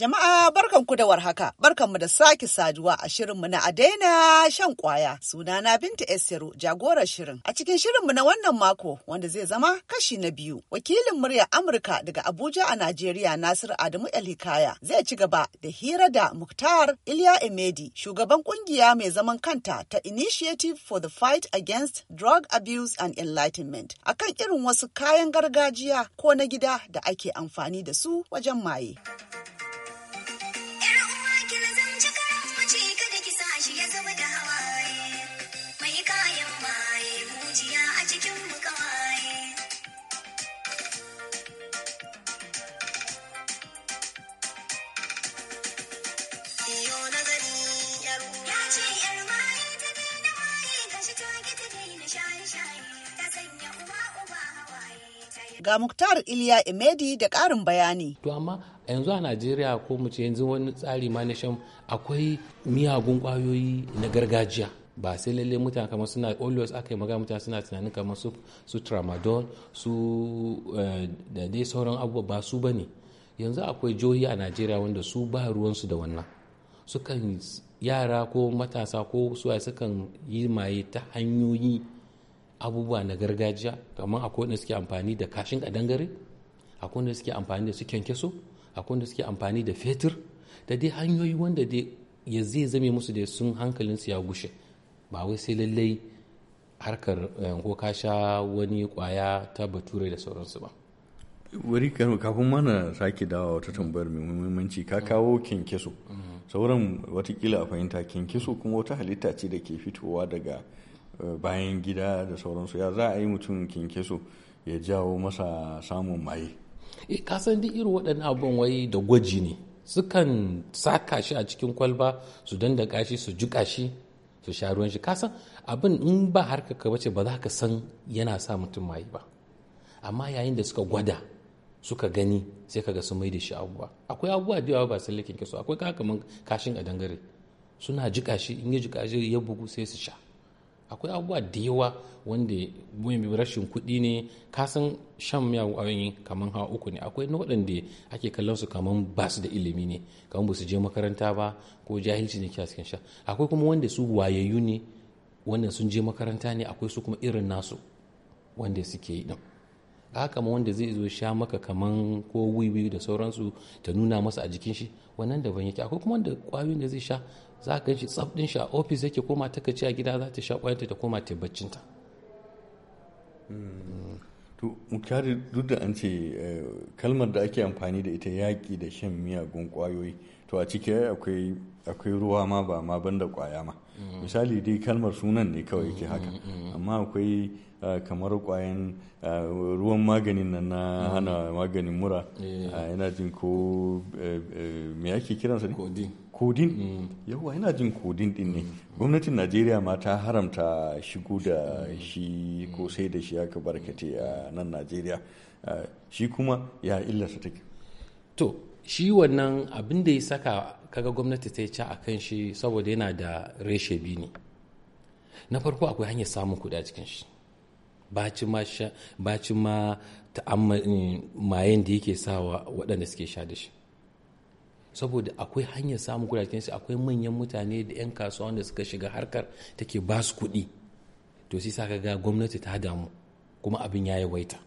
Jama'a barkanku da warhaka, barkanmu da sake saduwa a shirinmu na a daina shan kwaya. Sunana Binta Esiru jagorar shirin. A cikin shirinmu na wannan mako wanda zai zama kashi na biyu. Wakilin muryar Amurka daga Abuja a Najeriya Nasiru Adamu Elhikaya zai ci gaba da hira da Muktar Iliya Emedi, shugaban kungiya mai zaman kanta ta Initiative for the Fight Against Drug Abuse and Enlightenment akan irin wasu kayan gargajiya ko na gida da ake amfani da su wajen maye. Ga Muktar Iliya Imedi da ƙarin bayani. To amma yanzu a Najeriya ko mu ce yanzu wani tsari ma na shan akwai miyagun ƙwayoyi na gargajiya. ba sai lalle mutane kamar suna always aka yi maga mutane suna tunanin kamar su su tramadol su eh, da dai sauran abubuwa ba su bane yanzu akwai jihohi a najeriya wanda su ba ruwansu da wannan sukan yara ko matasa ko suwa sukan yi maye ta hanyoyi abubuwa na gargajiya kamar akwai wanda suke amfani da kashin kadangare akwai wanda suke amfani da su kyankyaso akwai wanda suke amfani da fetur da dai hanyoyi wanda dai ya zai zame musu da sun hankalin su ya gushe ba wai sai lallai harkar eh, ko ka sha wani kwaya ta bature da sauransu ba wari kafin mana sake dawa wata tambayar mai muhimmanci ka kawo kyankyaso mm-hmm. sauran watakila a fahimta kinkiso kuma wata halitta ce da ke fitowa daga eh, bayan gida da sauransu ya za a yi mutum kinkiso ya jawo masa samun maye eh, ka san duk irin waɗannan abin wai da gwaji ne sukan saka shi a cikin kwalba su danda kashi su juƙa shi su sha ruwan shi kasan abin in ba harka ka bace ba za ka san yana sa mutum maye ba amma yayin da suka gwada suka gani sai kaga sun mai da shi abubuwa akwai abubuwa da yawa ba su likin su akwai kaman kashin a dangare suna jika shi in ya jika shi ya bugu sai su sha akwai abubuwa da yawa wanda mai rashin kuɗi ne kasan shan miyagun ayoyi kaman hawa uku ne akwai na waɗanda ake kallon su kaman ba su da ilimi ne kaman ba su je makaranta ba ko jahilci ne kiyasu kan sha akwai kuma wanda su wayayyu ne wanda sun je makaranta ne akwai su kuma irin nasu wanda suke yi din haka ma wanda zai zo sha maka kaman ko wiwi da sauransu ta nuna masa a jikin shi wannan daban yake akwai kuma wanda kwayoyin da zai sha za ka shi tsaf din shi a ofis yake koma ta kace a gida za ta sha kwayoyin ta koma ta ta hmm. to mukari duk da an ce eh, kalmar da ake amfani da ita yaki da shan miyagun kwayoyi to a ciki akwai akwai ruwa ma ba ma banda kwaya ma misali dai kalmar sunan ne kawai yake haka amma akwai kamar kwayan ruwan maganin nan na hana maganin mura yana eh. jin ko e, e, me ake kiransa ne kodin mm. yawa yana jin kodin din ne gwamnatin najeriya ma ta haramta shigo da shi ko sai da shi aka barkate a nan najeriya shi kuma ya illasa take to shi wannan abin da ya saka kaga gwamnati ta ca a kan shi saboda yana da reshe biyu ne na farko akwai hanyar samun kuɗi a cikin shi bacin ma eh, mayen da yake sawa waɗanda suke sha da shi saboda akwai hanyar samun kuɗi a cikin shi akwai manyan mutane da 'yan kasuwa wanda suka shiga harkar take ba su kuɗi to sai sa kaga gwamnati ta damu kuma abin ya yawaita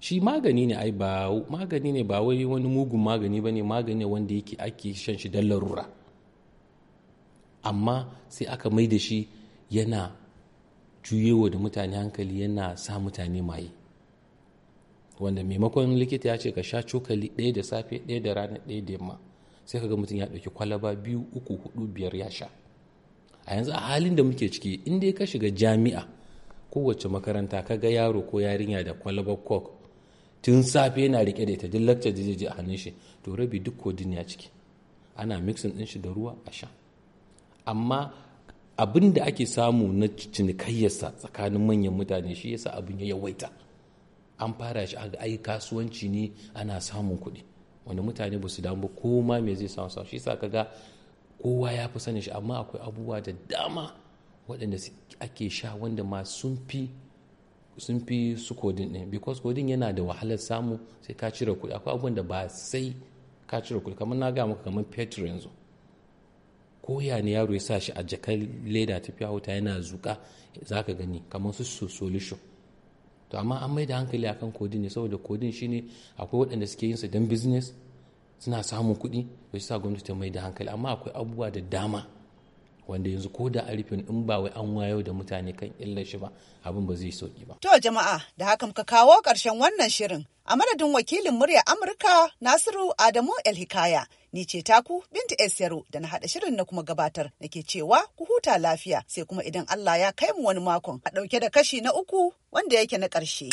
shi magani ne ai ba magani ne ba wai wani mugun magani ba ne magani wanda yake ake shan shi don larura amma sai aka mai da shi yana juyewa da mutane hankali yana sa mutane maye wanda maimakon likita ya ce ka sha cokali ɗaya da safe ɗaya da rana ɗaya da yamma sai kaga mutum ya ɗauki kwalaba biyu uku hudu biyar ya sha a yanzu a halin da muke ciki in dai ka shiga jami'a kowace makaranta ka ga yaro ko yarinya da kwalaba coke tun safe yana rike da ita duk lakcar da je a hannun shi to rabi duk kodin ya ciki ana mixin din shi da ruwa a sha amma abin da ake samu na cinikayyarsa tsakanin manyan mutane shi yasa abin ya yawaita an fara shi a ai kasuwanci ne ana samun kuɗi Wani mutane ba su damu ba ko ma me zai samu shi yasa kaga kowa ya fi sanin shi amma akwai abubuwa da dama waɗanda ake sha wanda ma sun fi sun fi su kodin ɗin because kodin yana da wahalar samu sai ka cire kuɗi akwai abubuwan da ba sai ka cire kuɗi kamar na ga maka kamar fetur yanzu ko ya ne yaro ya sa shi a jakar leda tafiya wuta yana zuƙa za ka gani kamar su solution to amma an mai da hankali akan kodin ne saboda kodin shine akwai waɗanda suke yin su don business suna samun kuɗi shi sa gwamnati ta mai da hankali amma akwai abubuwa da dama wanda yanzu ko da arifin in ba wai an wayo da mutane kan illar shi ba abin ba zai sauki ba. To jama'a da haka muka kawo ƙarshen wannan shirin a madadin wakilin murya Amurka Nasiru Adamu El Hikaya ni ce taku Binta Esiyaro da na haɗa shirin na kuma gabatar nake cewa ku huta lafiya sai kuma idan Allah ya kai mu wani makon a ɗauke da kashi na uku wanda yake na ƙarshe.